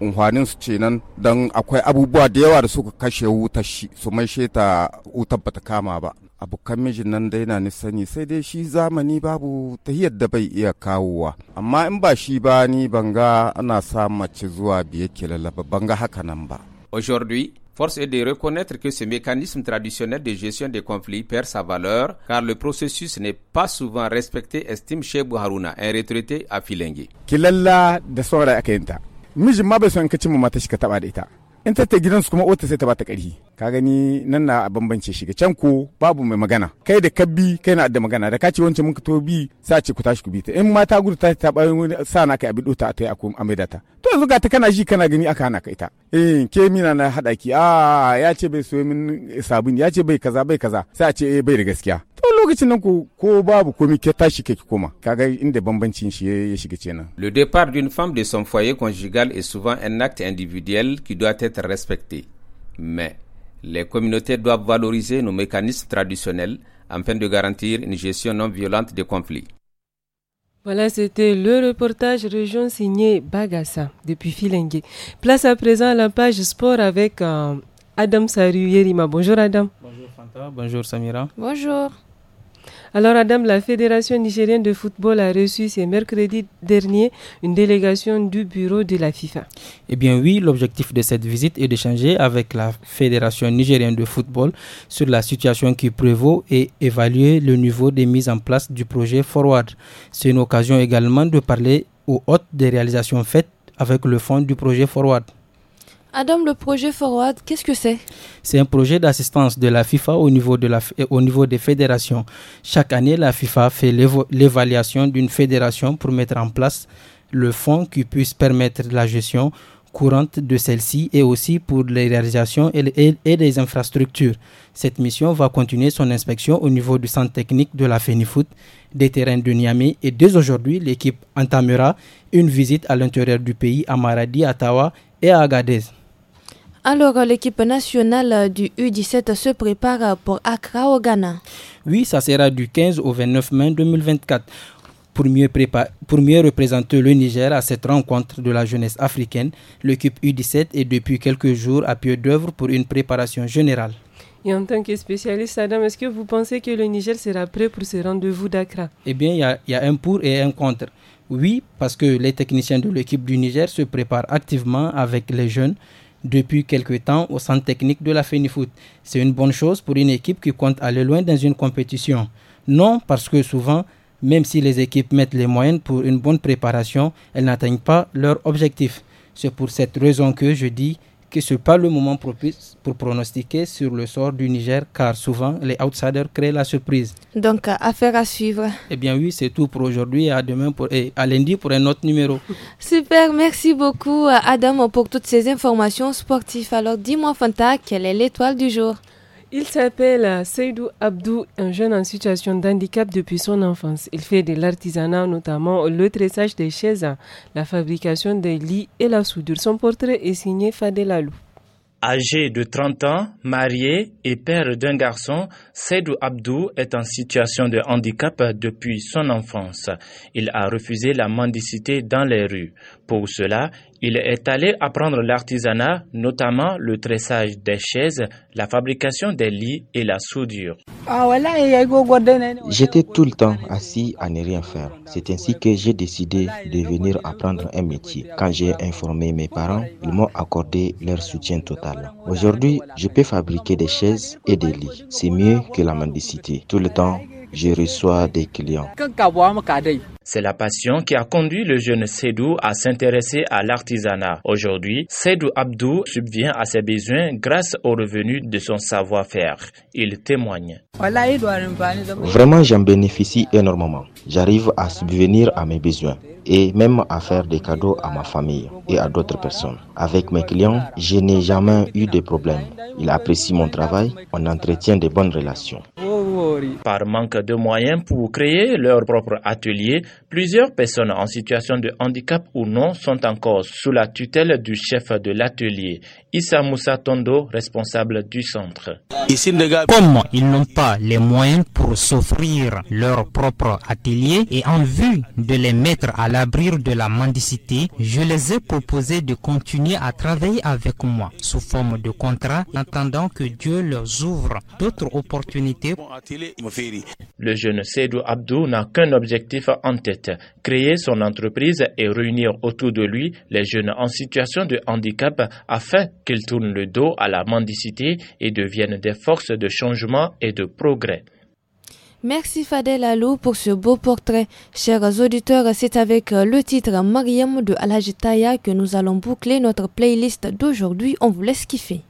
unhwanin su ce nan don akwai abubuwa da yawa da suka kashe wutar shi su mai ta wutar bata kama ba Abu mijin nan dai na sani sai dai shi zamani babu ta yadda bai iya kawowa amma in ba shi ba ni banga ana sa mace zuwa biye kilala banga haka nan ba Aujourd'hui, force est de reconnaître que ce mécanisme traditionnel de gestion des conflits perd sa valeur car le processus n'est pas souvent respecté, estime Chebu Haruna, un retraité à Filengi. kilala da saura aka yinta. Mijin ma bai son mata shi ka taba da ita. In ta ta gidansu kuma ota sai ta ba ta ƙarfi. ka gani nan na bambance shi can ko babu mai magana kai da kabbi kai na da magana da ka ce wancan mun to bi sa ce ku tashi ku bi ta in mata gudu ta ta bayan wani sa na kai abin dota ta ko a maida ta to yanzu ga ta kana ji kana gani aka hana ka ita eh ke mina na hada ki a ah, ya ce bai soye min sabuni ya ce bai kaza bai kaza sai a ce eh bai da gaskiya to ko ko shi ya shiga Le départ d'une femme de son foyer conjugal est souvent un acte individuel qui doit être respecté. Mais Les communautés doivent valoriser nos mécanismes traditionnels afin de garantir une gestion non violente des conflits. Voilà, c'était le reportage région signé Bagassa depuis Filengue. Place à présent à la page sport avec euh, Adam Adam Yerima. Bonjour Adam. Bonjour Fanta, bonjour Samira. Bonjour. Alors Adam, la Fédération nigérienne de football a reçu ce mercredi dernier une délégation du bureau de la FIFA. Eh bien oui, l'objectif de cette visite est d'échanger avec la Fédération nigérienne de football sur la situation qui prévaut et évaluer le niveau des mises en place du projet Forward. C'est une occasion également de parler aux hôtes des réalisations faites avec le fonds du projet Forward. Adam, le projet Forward, qu'est-ce que c'est C'est un projet d'assistance de la FIFA au niveau, de la, au niveau des fédérations. Chaque année, la FIFA fait l'évaluation d'une fédération pour mettre en place le fonds qui puisse permettre la gestion courante de celle-ci et aussi pour les réalisations et, les, infrastructures. Cette mission va continuer son inspection au niveau du centre technique de la FENIFOOT, des terrains de Niamey et dès aujourd'hui, l'équipe entamera une visite à l'intérieur du pays à Maradi, à Tawa et à Agadez. Alors, l'équipe nationale du U17 se prépare pour Accra au Ghana. Oui, ça sera du 15 au 29 mai 2024. Pour mieux, représenter le Niger à cette rencontre de la jeunesse africaine, l'équipe U17 est depuis quelques jours à pied d'œuvre pour une préparation générale. Et en tant que spécialiste, Adam, est-ce que vous pensez que le Niger sera prêt pour ce rendez-vous d'Accra Eh bien, il y, a un pour et un contre. Oui, parce que les techniciens de l'équipe du Niger se préparent activement avec les jeunes depuis quelque temps au centre technique de la FENIFOOT. C'est une bonne chose pour une équipe qui compte aller loin dans une compétition. Non, parce que souvent, même si les équipes mettent les moyens pour une bonne préparation, elles n'atteignent pas leur objectif. C'est pour cette raison que je dis que ce n'est pas le moment propice pour pronostiquer sur le sort du Niger, car souvent les outsiders créent la surprise. Donc, euh, affaire à suivre. Eh bien oui, c'est tout pour aujourd'hui. À demain pour, et à lundi pour un autre numéro. Super, merci beaucoup euh, Adam pour toutes ces informations sportives. Alors dis-moi Fanta, quelle est l'étoile du jour il s'appelle Seydou Abdou, un jeune en situation d'handicap depuis son enfance. Il fait de l'artisanat, notamment le tressage des chaises, la fabrication des lits et la soudure. Son portrait est signé Fadelalou. Âgé de 30 ans, marié et père d'un garçon, Seydou Abdou est en situation de handicap depuis son enfance. Il a refusé la mendicité dans les rues. Pour cela, il est allé apprendre l'artisanat, notamment le tressage des chaises, la fabrication des lits et la soudure. Ah, hein, J'étais tout le temps assis à ne rien faire. C'est ainsi que j'ai décidé de venir apprendre un métier. Quand j'ai informé mes parents, ils m'ont accordé leur soutien total. Aujourd'hui, je peux fabriquer des chaises et des lits. C'est mieux que la mendicité. Tout le temps, je reçois des clients. C'est la passion qui a conduit le jeune Sédou à s'intéresser à l'artisanat. Aujourd'hui, Seydou Abdou subvient à ses besoins grâce aux revenus de son savoir-faire. Il témoigne. Vraiment, j'en bénéficie énormément. J'arrive à subvenir à mes besoins et même à faire des cadeaux à ma famille et à d'autres personnes. Avec mes clients, je n'ai jamais eu de problème. Ils apprécient mon travail, on entretient de bonnes relations. Par manque de moyens pour créer leur propre atelier, plusieurs personnes en situation de handicap ou non sont encore sous la tutelle du chef de l'atelier, Issa Moussa Tondo, responsable du centre. Comme ils n'ont pas les moyens pour s'offrir leur propre atelier et en vue de les mettre à l'abri de la mendicité, je les ai proposé de continuer à travailler avec moi sous forme de contrat, en attendant que Dieu leur ouvre d'autres opportunités le jeune Seydou Abdou n'a qu'un objectif en tête, créer son entreprise et réunir autour de lui les jeunes en situation de handicap afin qu'ils tournent le dos à la mendicité et deviennent des forces de changement et de progrès. Merci Fadel Alou pour ce beau portrait. Chers auditeurs, c'est avec euh, le titre Mariam de Al-Ajitaya que nous allons boucler notre playlist d'aujourd'hui. On vous laisse kiffer.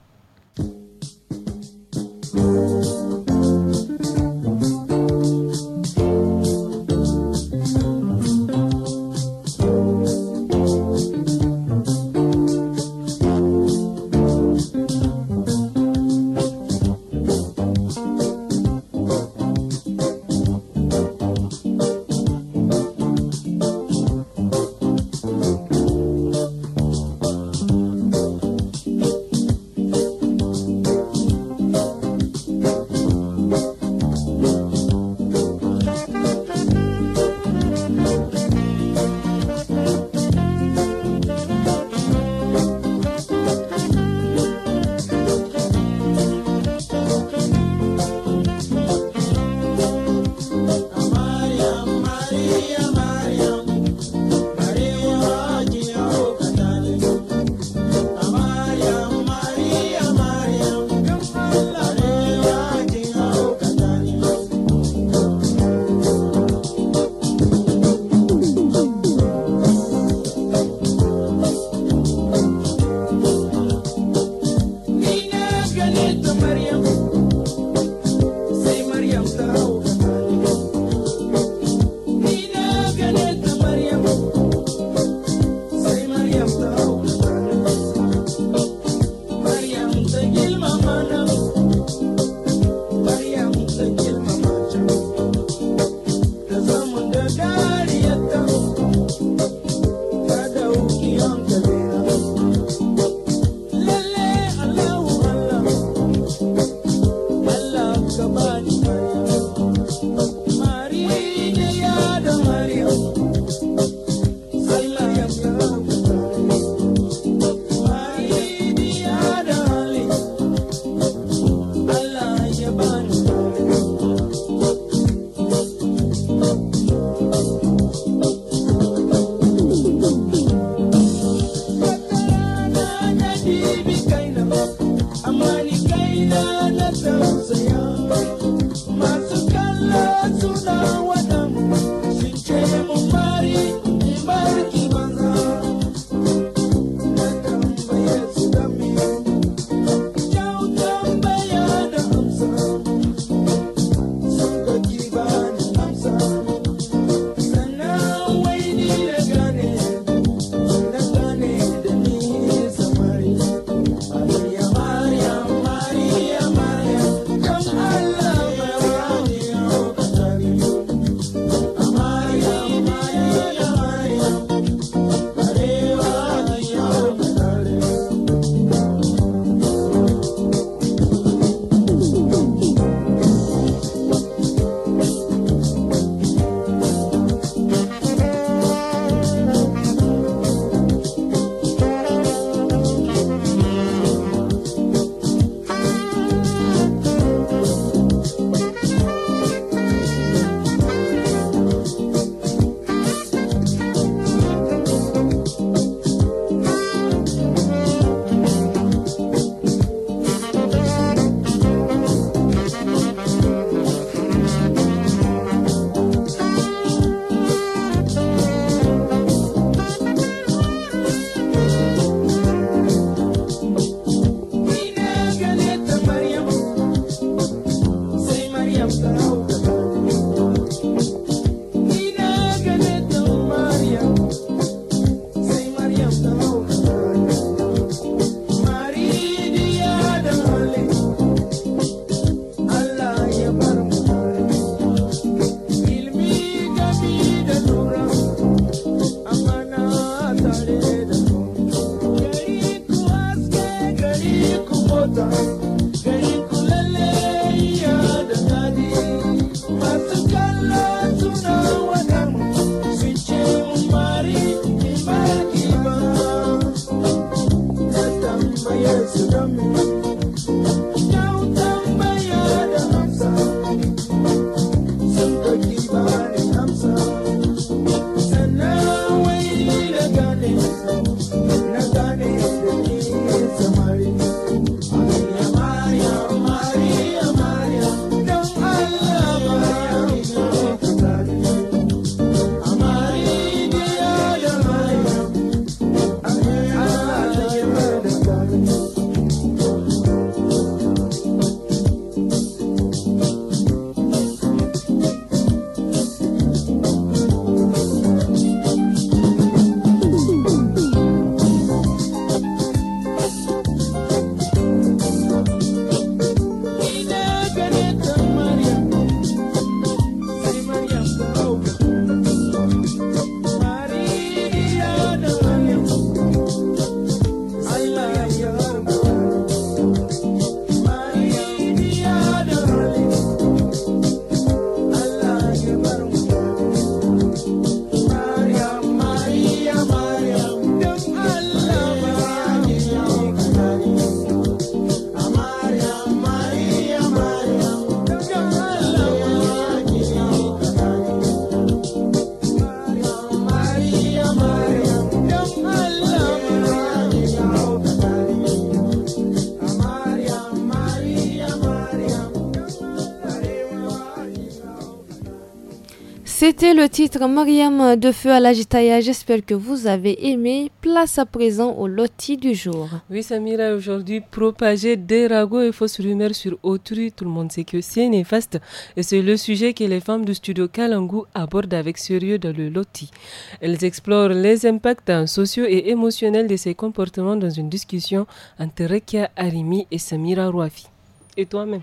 C'était le titre Mariam de Feu à Jitaïa, J'espère que vous avez aimé. Place à présent au loti du jour. Oui, Samira, aujourd'hui, propager des ragots et fausses rumeurs sur autrui. Tout le monde sait que c'est néfaste. Et c'est le sujet que les femmes du studio Kalangu abordent avec sérieux dans le loti. Elles explorent les impacts hein, sociaux et émotionnels de ces comportements dans une discussion entre Rekia Arimi et Samira Rouafi. Et toi-même.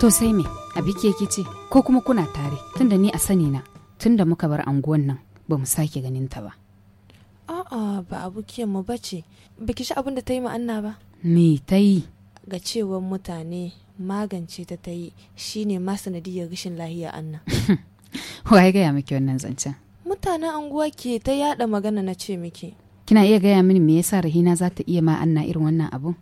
to sai me abi yake ce ko kuma kuna tare tunda ni a sani na tunda muka bar anguwan nan ba mu sake ganin ta ba a'a ba abukiyar mu bace biki shi abin da ta yi ma'anna ba me ta yi ga cewar mutane magance ta ta yi shine ma sanadiyar rashin lahiya anna waye gaya miki wannan zancen mutanen anguwa ke ta yada magana na ce miki kina iya gaya mini me yasa rahina za ta iya ma irin wannan abu?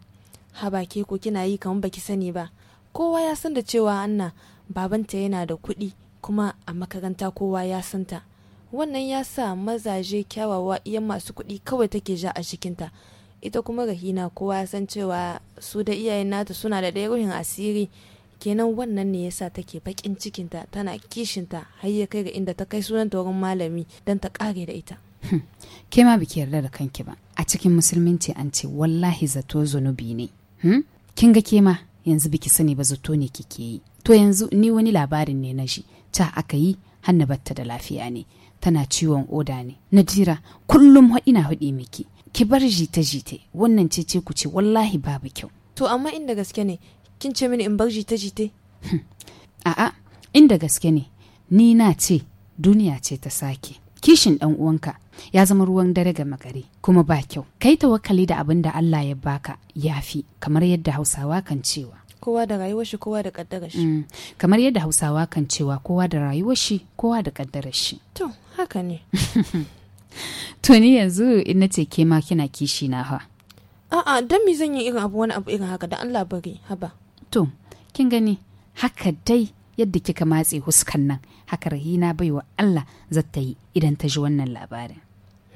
ha ba ke ko kina yi kamar baki sani ba kowa ya san da cewa anna babanta yana da kuɗi kuma a makaranta kowa ya santa wannan ya sa mazaje kyawawa iyan masu kuɗi kawai take ja a cikinta ita kuma rahina kowa ya san cewa su da iyayen nata suna da ɗaya ruhin asiri kenan wannan ne yasa take bakin cikinta tana kishinta har ya kai ga inda ta kai sunan wurin malami don ta kare da ita hmm. ke ma biki yarda da kanki ba a cikin musulminci an ce wallahi zato zunubi ne hmm? kin ga ke yanzu biki sani ba zato ne kike yi to yanzu ni wani labarin ne na shi ta aka yi hanna batta da lafiya ne tana ciwon oda ne na jira kullum haɗina haɗi miki ki bar jita jita wannan ce ce ku ce wallahi babu kyau to amma inda gaske ne kin ce mini in bar jita jita hmm. a'a inda gaske ne ni na ce duniya ce ta sake kishin dan uwanka ya zama ruwan dare ga magare kuma ba kyau kai tawakkali da abin da Allah ya baka yafi kamar yadda Hausawa kan cewa kowa da rayuwar shi kowa da kaddarar shi mm. kamar yadda Hausawa kan cewa kowa da rayuwar shi kowa da kaddarar shi to haka ne to ni yanzu in ce ke ma kina kishi na ha a'a dan me zan yi irin abu wani abu irin haka da Allah bari haba to kin gani haka dai yadda kika matse huskan nan haka rahina baiwa Allah zata yi idan ta ji wannan labarin.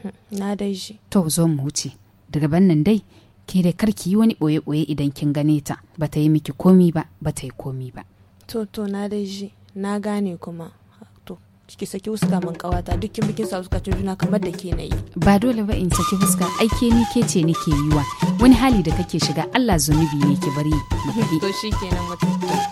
Hmm, na dai shi. To zo mu wuce. Daga bannan dai ke da karki yi wani ɓoye-ɓoye idan kin gane ta ba ta yi miki komi ba ba ta yi komi ba. To to na dai shi na gane kuma. To ki saki fuska mun kawata dukkin bikin sa juna kamar da ke na yi. Ba dole ba in saki fuska aike ni ke ce nake yi wa wani hali da kake shiga Allah zunubi ne ki bari. To kenan mutum.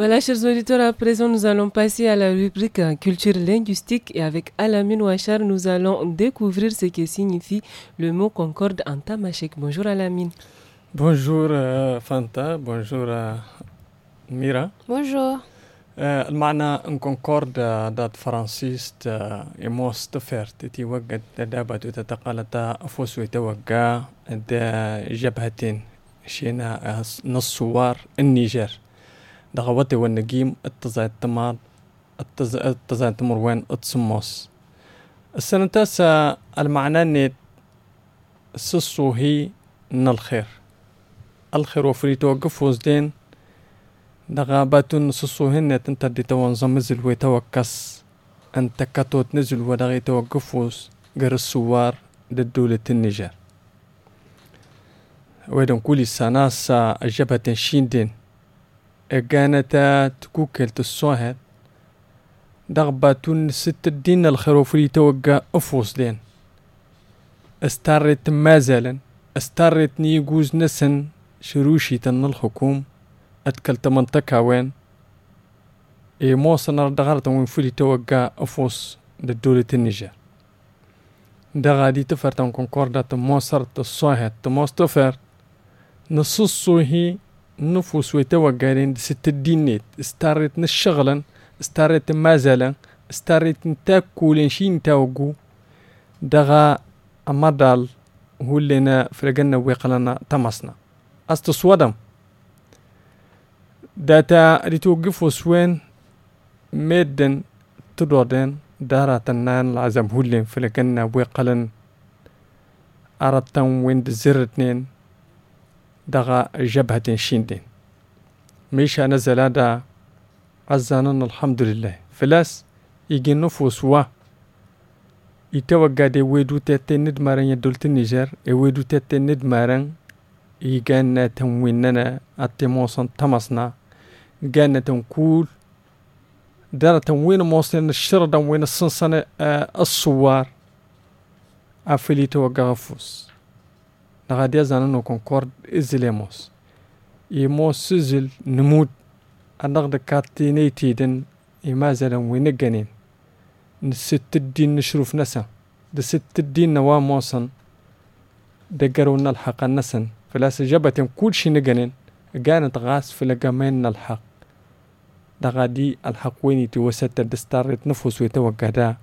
Voilà, chers auditeurs, à présent, nous allons passer à la rubrique culture linguistique et avec Alamine Ouachar, nous allons découvrir ce que signifie le mot concorde en Tamachek. Bonjour Alamine. Bonjour euh, Fanta, bonjour euh, Mira. Bonjour. Euh, mana un concorde dat franciste euh, et euh, mos de fer titi wagat de dabatu ta taqalata fosu e ta waga de jabhatin chena nasuar en niger دغوتي والنجيم اتزع التمر اتزع التمر وين اتسموس السنة تاسا نيت سسو هي من الخير الخير وفري توقف وزدين باتون سسو هن دي توان زمزل ويتوكس انت كاتو تنزل ودغي توقفوس غير السوار دولة النيجر ويدن سنة ساناسا الجبهة شيندين كانت تكوكل الصهد دغبة ست الدين الخروفري توقع أفوس دين استارت مازالا استارت نيجوز نسن شروشي تن الحكوم أتكلت منطقة وين إي موصن ردغرت وين فولي توقع أفوس دولة النيجر دغا دي تفر تن كونكوردات موصر تصوهد تموس تفر نفوس ويتوقعين ست الدينات استاريت نشغلا استاريت مازالا استاريت نتاكو لنشين تاوقو دغا أما دال هو انا فرقنا ويقلنا تمسنا أستصودم داتا لتوقفوا سوين مدن تدودن دارا تنان العزم اللي فرقنا ويقلن أردتن وين زرتنين دغا جبهة شيندين ميشا نزل دا عزانا الحمد لله فلاس يجي نفوس وا يتوقع دي ويدو تاتي ندمارن يدولت النيجر ويدو تاتي ندمارن يجانا تنويننا موصن تمسنا جانا تنكول دانا تنوين موصن الشردن وين السنسنة آه، الصوار أفلي توقع فوس نغادي نو كونكورد ازليموس يموس سزل نمود أنغد كاتيني تيدن إما زلن وينجنين نست الدين نشروف نسا دست الدين نوا موسن دقرونا الحق نسن فلاس جبتن كل شي نجنين قانت غاس في لقمين الحق دغادي الحق ويني توسط دستارت نفوس ويتوقع دا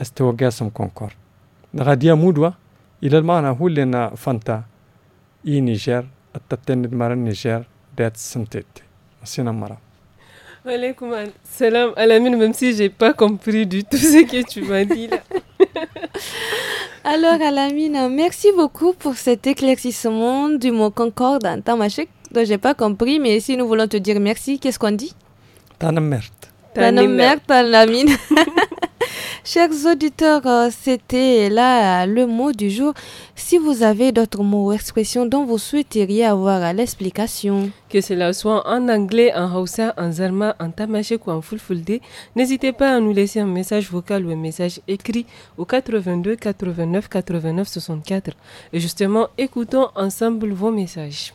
استوقع سم كونكور دغادي مودوا إلى المعنى هو لنا فانتا إي نيجر التتن المرة نيجر دات سمتت سينا مرة Alaykoum salam Alamine, même si j'ai pas compris du tout ce que tu m'as dit là. Alors Alamine, merci beaucoup pour cet éclaircissement du mot concorde en tamashek dont j'ai pas compris, mais si nous voulons te dire merci, qu'est-ce qu'on dit Tanamert. Tanamert Alamine. Chers auditeurs, euh, c'était là euh, le mot du jour. Si vous avez d'autres mots ou expressions dont vous souhaiteriez avoir euh, l'explication, que cela soit en anglais, en hausa, en zarma, en tamashek ou en fulfulde, n'hésitez pas à nous laisser un message vocal ou un message écrit au 82 89 89 64. Et justement, écoutons ensemble vos messages.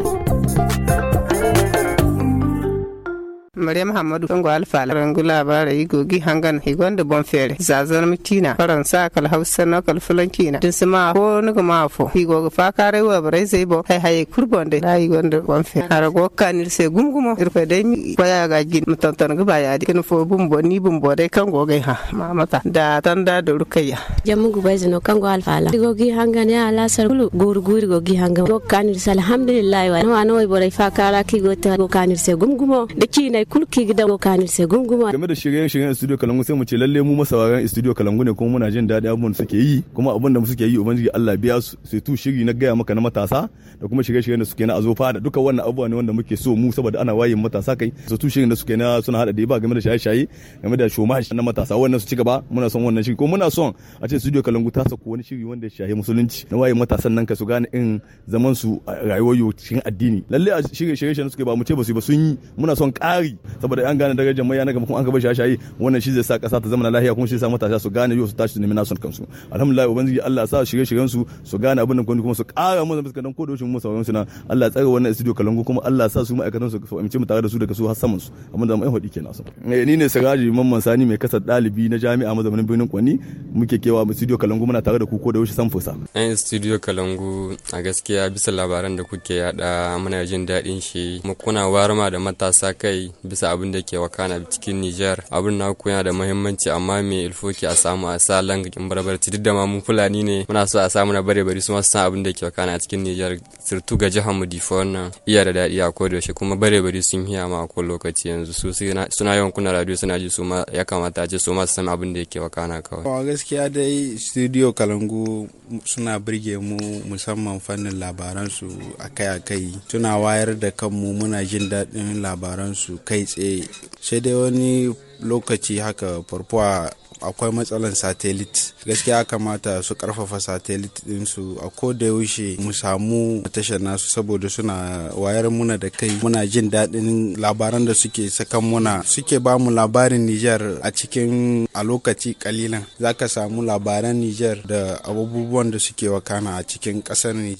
Mariam Hamadu Sango Alfala Rangu Labara Igogi Hangan Higonda Bonfere Zazan Mitina Faransa Kal Hausa na Kal Fulankina Din Sama Ho Nuga Mafo Igoga Fakare Wabare Zebo de Hai Kurbonde Na Igonda Bonfere Arago Kanir Se Gumgumo Irfe Demi Baya Gajin Mutantan Gubaya Dikin Fo Bumbo Ni Bumbo De Kango Geha Mamata Da Tanda Dorukaya Jamu Gubazino Kango Alfala Igogi Hangan Ya Ala Sarulu Gurguri Gogi Hangan Go Kanir Alhamdulillah Wa Nwa il Ibore Fakara Kigota Go Kanir Se Gumgumo De China kulki gidan kanin sai gunguma game da shirye-shiryen studio kalangu sai mu ce lalle mu masauraran studio kalangu ne kuma muna jin daɗi da suke yi kuma abun da mu suke yi ubangiji Allah biya su sai tu shiri na gaya maka na matasa da kuma shirye-shiryen da suke na azofa da duka wannan abubuwa ne wanda muke so mu saboda ana wayin matasa kai su tu shirin da suke na suna hada da ba game da shaye-shaye game da shomash na matasa wannan su ci gaba muna son wannan shiri ko muna son a ce studio kalangu ta sako wani shiri wanda ya shahe musulunci na wayin matasan nan ka su gane in zaman su rayuwar yau cikin addini lalle a shirye-shiryen da suke ba mu ce ba su yi ba sun yi muna son ƙari saboda an gane daga jama'a na gaba kuma an gaba shayi wannan shi zai sa kasa ta zama lahiya kuma shi zai sa matasa su gane yau su tashi su nemi nasu kansu alhamdulillah ubangiji Allah sa shirye shiryen su su gane abin da kuma su ƙara mu fuskar dan kodoshin mu sauran su na Allah ya tsare wannan studio kalangu kuma Allah sa su ma'aikatan su su amince mu tare da su daga su har saman su amma da mu ai hodi kenan su eh, ni ne Siraji Mamman Sani mai kasar dalibi na jami'a mazaunin birnin Kwani muke kewa mu studio kalangu muna tare da ku ko da san fusa an studio kalangu a gaskiya bisa labaran da kuke yada muna jin daɗin shi mu kuna warma da matasa kai bisa abin da ke wakana cikin Nijar abin na ku yana da muhimmanci amma me ilfoki a samu a sa langakin barbarci duk da mamun Fulani ne muna so a samu na bare bari su masu san abin da ke wakana cikin Nijar sirtu ga jihar mu Difo wannan iya da daɗi a koda yaushe kuma bare bari sun hiya ma a ko lokaci yanzu su suna yawan kuna radio suna ji su ma ya kamata a ce su ma su san abin da ke wakana kawai. gaskiya dai studio Kalangu suna birge mu musamman fannin labaransu akai-akai suna wayar da kanmu muna jin daɗin labaransu kai tsaye sai dai wani lokaci haka farfuwa akwai matsalan satelit gaskiya kamata su karfafa satelit dinsu a koda yaushe mu samu tashar nasu saboda suna wayar muna da kai muna jin daɗin labaran da suke sakan muna suke ba mu labarin Nijar a cikin a lokaci kalilan za ka samu labaran Nijar da abubuwan da suke wakana a cikin ƙasar Nijar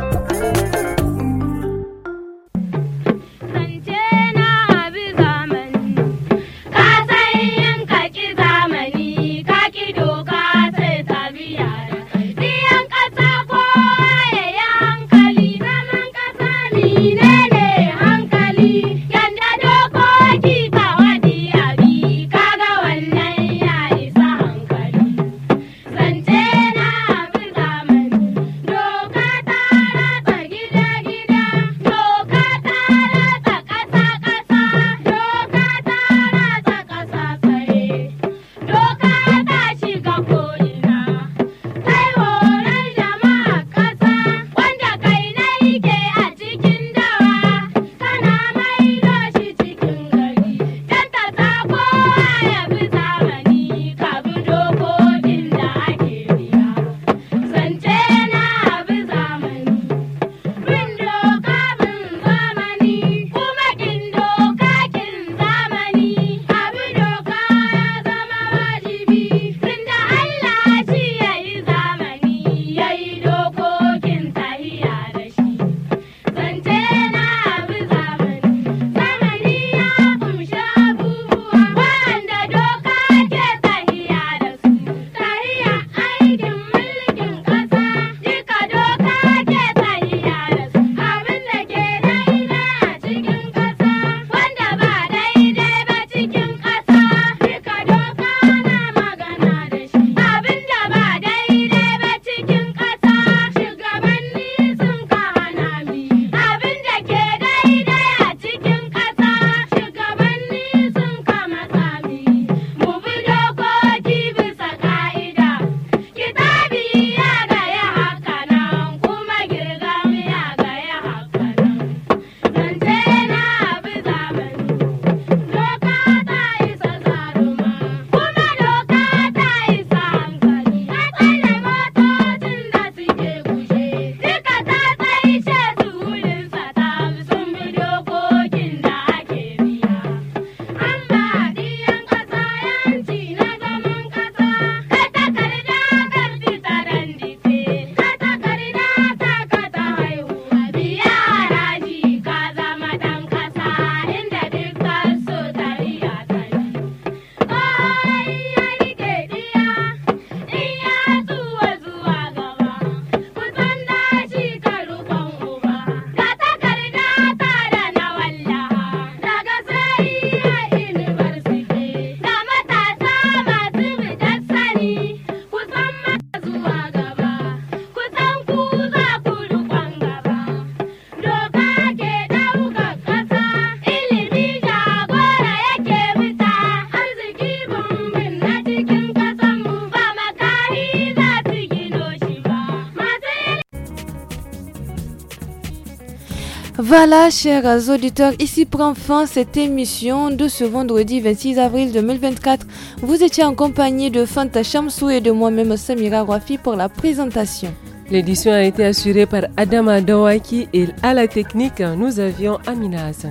Voilà, chers auditeurs, ici prend fin cette émission de ce vendredi 26 avril 2024. Vous étiez en compagnie de Fanta Chamsou et de moi-même Samira Rafi pour la présentation. L'édition a été assurée par Adama Dawaki et à la technique, nous avions Aminas.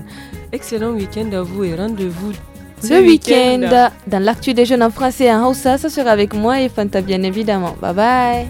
Excellent week-end à vous et rendez-vous ce week-end dans l'actu des jeunes en français et en Hausa. Ça sera avec moi et Fanta, bien évidemment. Bye bye.